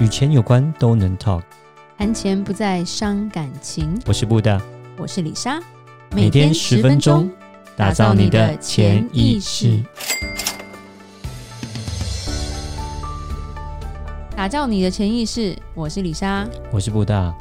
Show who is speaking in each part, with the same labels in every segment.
Speaker 1: 與錢有關都能 talk，
Speaker 2: 談錢不再傷感情。我是布達，我是李莎，
Speaker 1: 每天十分鐘，打造你的錢意識，
Speaker 2: 打造你的錢意、意識。我是李莎，我是布達。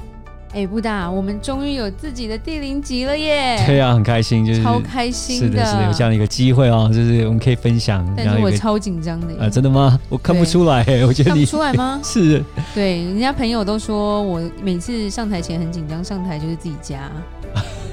Speaker 2: 哎，布達、欸，我們終於有自己的第零集了耶！對呀、
Speaker 1: 啊，很開心，就是超開心的，是的，是的，有這樣一個機會哦，就是我們可以分享。但是我超
Speaker 2: 緊張的啊！
Speaker 1: 真的嗎？我看不出來，對我覺得你看不出來嗎？是，
Speaker 2: 對，人家朋友都說我每次上台前很緊張，上台就是自己家。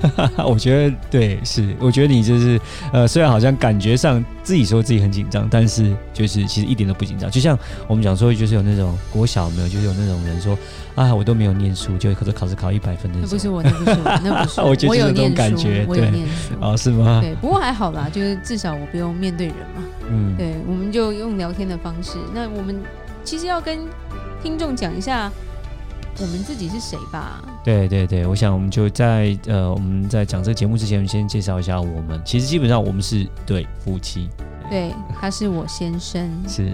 Speaker 1: 我覺得對，是，我覺得你就是，呃，雖然好像感覺上自己說自己很緊張，但是就是其實一點都不緊張。就像我們講說，就是有那種國小有沒有，就是有那種人說，啊，我都沒有念書，就可是考試考一百分的時候。不是我，不是我，那不是我有一 種感覺。我有念書。對，啊、哦，是嗎？對，
Speaker 2: 不過還好啦，就是至少我不用面對人嘛。嗯，對，我們就用聊天的方式。那我們其實要跟聽眾講一下，我們自己是誰吧。
Speaker 1: 對對對，我想我們就在呃，我們在講這個節目之前，先介紹一下我們。其實基本上我們是對夫妻，
Speaker 2: 對，對，他是我先生，是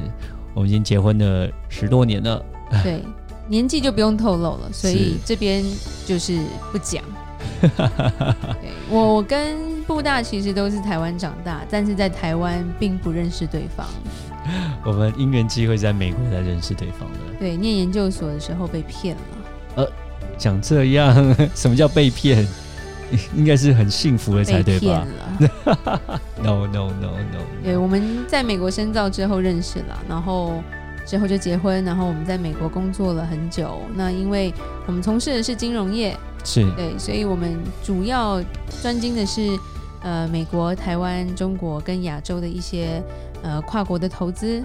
Speaker 1: 我們已經結婚了十多年了。
Speaker 2: 對，年紀就不用透露了，所以是這邊就是不講。 我跟布大其實都是台灣長大，但是在台灣並不認識對方。
Speaker 1: 我們因緣際會在美國才認識對方的。
Speaker 2: 對，念研究所的時候被騙
Speaker 1: 了。呃。講這樣，什麼叫被騙？應該是很幸福了才對吧，被騙了 ？No no no no, no。
Speaker 2: No. 對，我們在美國深造之後認識了，然後之後就結婚，然後我們在美國工作了很久。那因為我們從事的是金融業，
Speaker 1: 是對，
Speaker 2: 所以我們主要專精的是呃美國、台灣、中國跟亞洲的一些呃跨國的投資。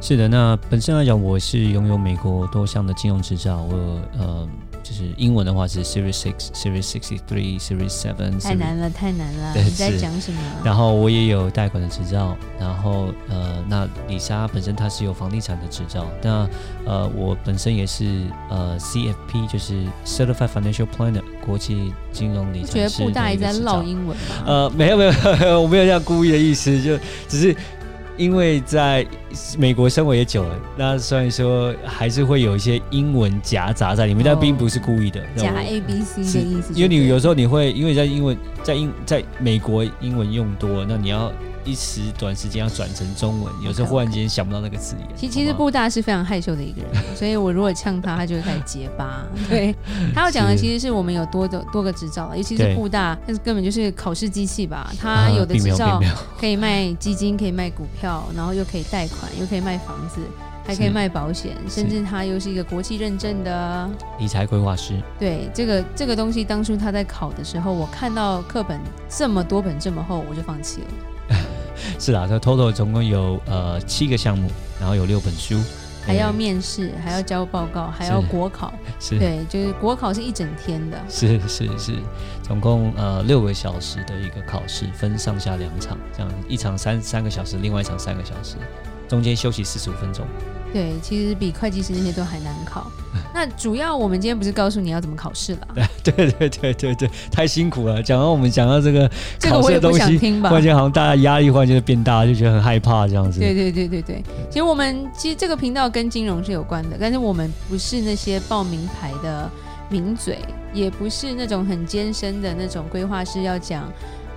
Speaker 1: 是的，那本身來講，我是擁有美國多項的金融執照，我呃。就是英文的話是 6, Series Six、Series Sixty Three、Series Seven，太難了，太難了！對你在講什麼啊？然後我也有貸款的執照，然後呃，那李莎本身她是有房地產的執照，那呃，我本身也是呃 CFP，就是 Certified Financial Planner 國際金融理財師。不，大爺在嘮
Speaker 2: 英文
Speaker 1: 呃，沒有沒有，我沒有這樣故意的意思，就只是。因為在美國生活也久了，那雖然說還是會有一些英文夾雜在裡面，哦、但並不是故意的。夾 A B C 的意思
Speaker 2: 就是，因為你
Speaker 1: 有時候你會因為在英文，在英在美國英文用多，那你要。一時短時間要轉成中文，有時候忽然間想不到那個字眼 okay, okay.
Speaker 2: 其實其實布大是非常害羞的一個人， 所以我如果嗆他，他就會開始結巴。對，他要講的其實是我們有多 是多個執照了，尤其是布大，那對根本就是考試機器吧。他有的執照可以賣基金，可以賣股票，然後又可以貸款，又可以賣房子，還可以賣保險，甚至他又是一個國際認證的
Speaker 1: 理財規劃師。
Speaker 2: 對，這個這個東西當初他在考的時候，我看到課本這麼多本這麼厚，我就放棄了。
Speaker 1: 是啊，這 Total 總共有呃七個項目，然後有六本書，還要
Speaker 2: 面試，還要交報告，是還要國考，是，對，就是國考是一整天的，
Speaker 1: 是是是,是，總共呃六個小時的一個考試，分上下兩場，這樣一場三三個小時，另外一場三個小時，中間休息四十五分鐘，
Speaker 2: 對，其實比會計師那些都還難考。 那主要我們今天不是告訴你要怎麼考試了？
Speaker 1: 對對對對對對，太辛苦了。講到我們講到這個考試的東西，我也不想聽吧。關鍵好像大家壓力突然間變大，就覺得很害怕這樣子。對對
Speaker 2: 對對對，其實我們其實這個頻道跟金融是有關的，但是我們不是那些報名牌的名嘴，也不是那種很艱深的那種規劃師要講。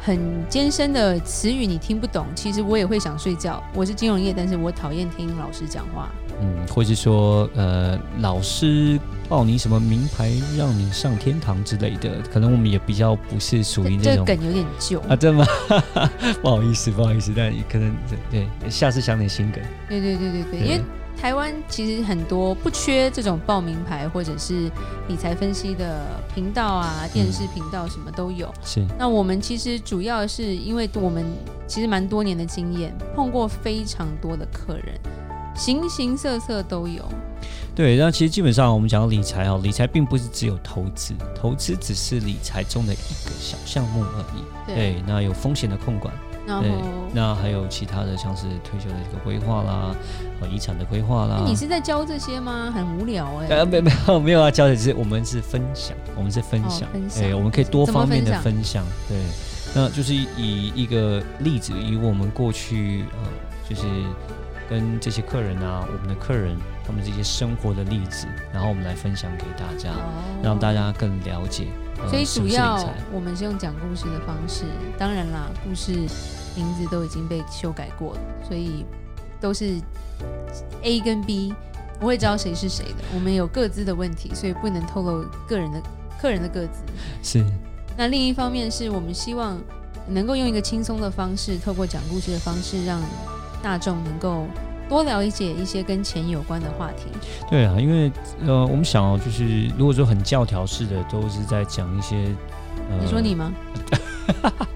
Speaker 2: 很艱深的詞語你聽不懂，其實我也會想睡覺。我是金融業，但是我討厭聽老師講話。
Speaker 1: 嗯，或是說，呃，老師報你什麼名牌讓你上天堂之類的，可能我們也比較不是屬於那種，這個梗
Speaker 2: 有點舊啊？真
Speaker 1: 的嗎？ 不好意思，不好意思，但可能對，下次想點新梗。
Speaker 2: 對對對對對，因為對。對台灣其實很多不缺這種報名牌或者是理財分析的頻道啊，電視頻道什麼都有。嗯、是。那我們其實主要是因為我們其實蠻多年的經驗，碰過非常多的客人，形形色色都有。
Speaker 1: 對，那其實基本上我們講理財哦、喔，理財並不是只有投資，投資只是理財中的一個小項目而已。對，對。那有風險的控管。
Speaker 2: 然後，那
Speaker 1: 還有其他的，像是退休的一個規劃啦，和遺對產的規劃啦。你是
Speaker 2: 在教這些嗎？很無聊哎、欸。呃、啊，沒有沒
Speaker 1: 有沒有啊，教的只是我們是分享，我們是分享，哎、哦欸，我們可以多方面的分享。分享對，那就是以一個例子，以我們過去、啊、就是跟這些客人啊，我們的客人，他們這些生活的例子，然後我們來分享給大家，哦、讓大家更了解。所以主要
Speaker 2: 我們是用講故事的方式，嗯嗯、當然啦，故事名字都已經被修改過了，所以都是 A 跟 B，不會知道誰是誰的。我們有個資的問題，所以不能透露個人的、客人的個資。是。那另一方面是我們希望能夠用一個輕鬆的方式，透過講故事的方式，讓大眾能夠，多了解一些跟錢有關的話題。
Speaker 1: 對啊，因為呃，我們想要就是，如果說很教條式的，都是在講一些……你說你
Speaker 2: 嗎？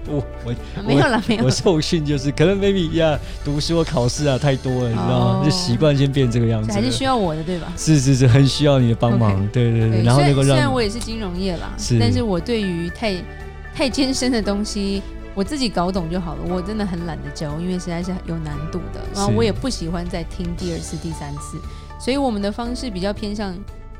Speaker 2: 不，
Speaker 1: 我沒有了，沒有。我受訓就是可能，maybe 呀，讀書或考試啊太多了，你知道嗎？就習慣性變這個樣子。還是需
Speaker 2: 要我的對吧？
Speaker 1: 是是是，很需要你的幫忙。對對對，然後能夠讓……雖然
Speaker 2: 我也是金融業啦，但是我對於太太艱深的東西。我自己搞懂就好了，我真的很懶得教，因為實在是有難度的，是然後我也不喜歡再聽第二次、第三次，所以我們的方式比較偏向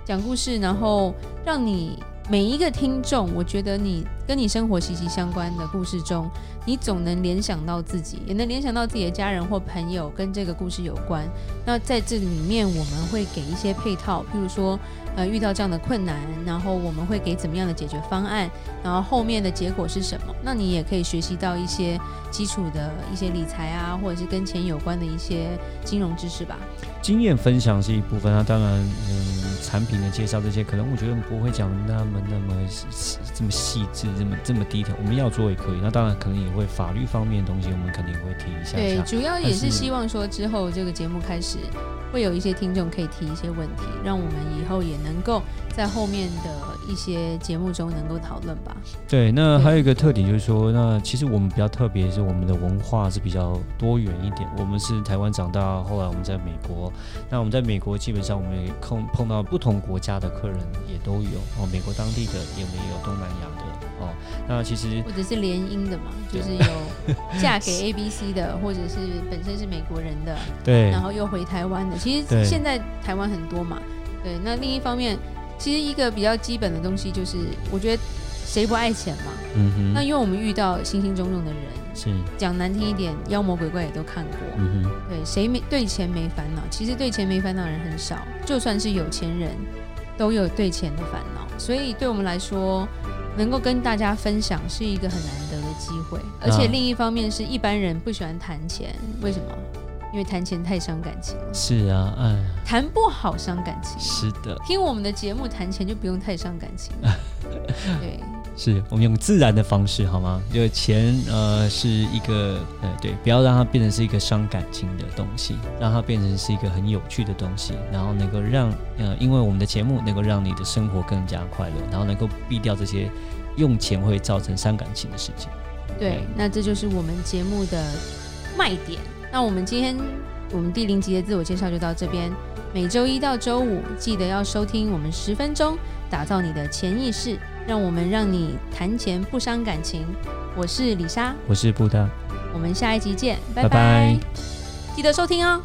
Speaker 2: 講故事，然後讓你每一個聽眾，我覺得你，跟你生活息息相關的故事中，你總能聯想到自己，也能聯想到自己的家人或朋友跟這個故事有關。那在這裡面，我們會給一些配套，譬如說，呃，遇到這樣的困難，然後我們會給怎麼樣的解決方案，然後後面的結果是什麼？那你也可以學習到一些基礎的一些理財啊，或者是跟錢有關的一些金融知識吧。
Speaker 1: 經驗分享是一部分啊，它當然，嗯，產品的介紹這些，可能我覺得不會講那麼那麼細，這麼細緻。這麼這麼低調，我們要做也可以。那當然可能也會法律方面的東西，我們肯定會提一下下。對，主要也是，是希望
Speaker 2: 說之後這個節目開始，會有一些聽眾可以提一些問題，讓我們以後也能夠在後面的一些節目中能夠討論
Speaker 1: 吧。對，那還有一個特點就是說，那其實我們比較特別是我們的文化是比較多元一點。我們是台灣長大，後來我們在美國，那我們在美國基本上我們也碰碰到不同國家的客人也都有，哦，美國當地的，有沒有東南亞的？哦，那其實
Speaker 2: 或者是聯姻的嘛，就是有嫁給 A、B、C 的，對，或者是本身是美國人的，對、嗯，然後又回台灣的。其實現在台灣很多嘛，對，對，對。那另一方面，其實一個比較基本的東西就是，我覺得誰不愛錢嘛，嗯哼。那因為我們遇到形形色色的人，是講難聽一點，妖魔鬼怪也都看過，嗯哼。對，誰沒對錢沒煩惱？其實對錢沒煩惱的人很少，就算是有錢人都有對錢的煩惱，所以對我們來說。能夠跟大家分享是一個很難得的機會，而且另一方面是一般人不喜歡談錢，啊、為什麼？因為談錢太傷感情
Speaker 1: 了。是啊，哎、嗯，
Speaker 2: 談不好傷感情。是的，聽我們的節目談錢就不用太傷感情了。 對。
Speaker 1: 是我們用自然的方式，好嗎？因為錢呃是一個呃對，不要讓它變成是一個傷感情的東西，讓它變成是一個很有趣的東西，然後能夠讓呃，因為我們的節目能夠讓你的生活更加快樂，然後能夠避掉這些用錢會造成傷感情的事情。對，
Speaker 2: 對那這就是我們節目的賣點。那我們今天我們第零集的自我介紹就到這邊。每周一到周五記得要收聽我們十分鐘打造你的錢意識。讓我們讓你談錢不傷感情。我是李莎，我是布達，我們下一集見，拜拜，拜拜，記得收聽哦。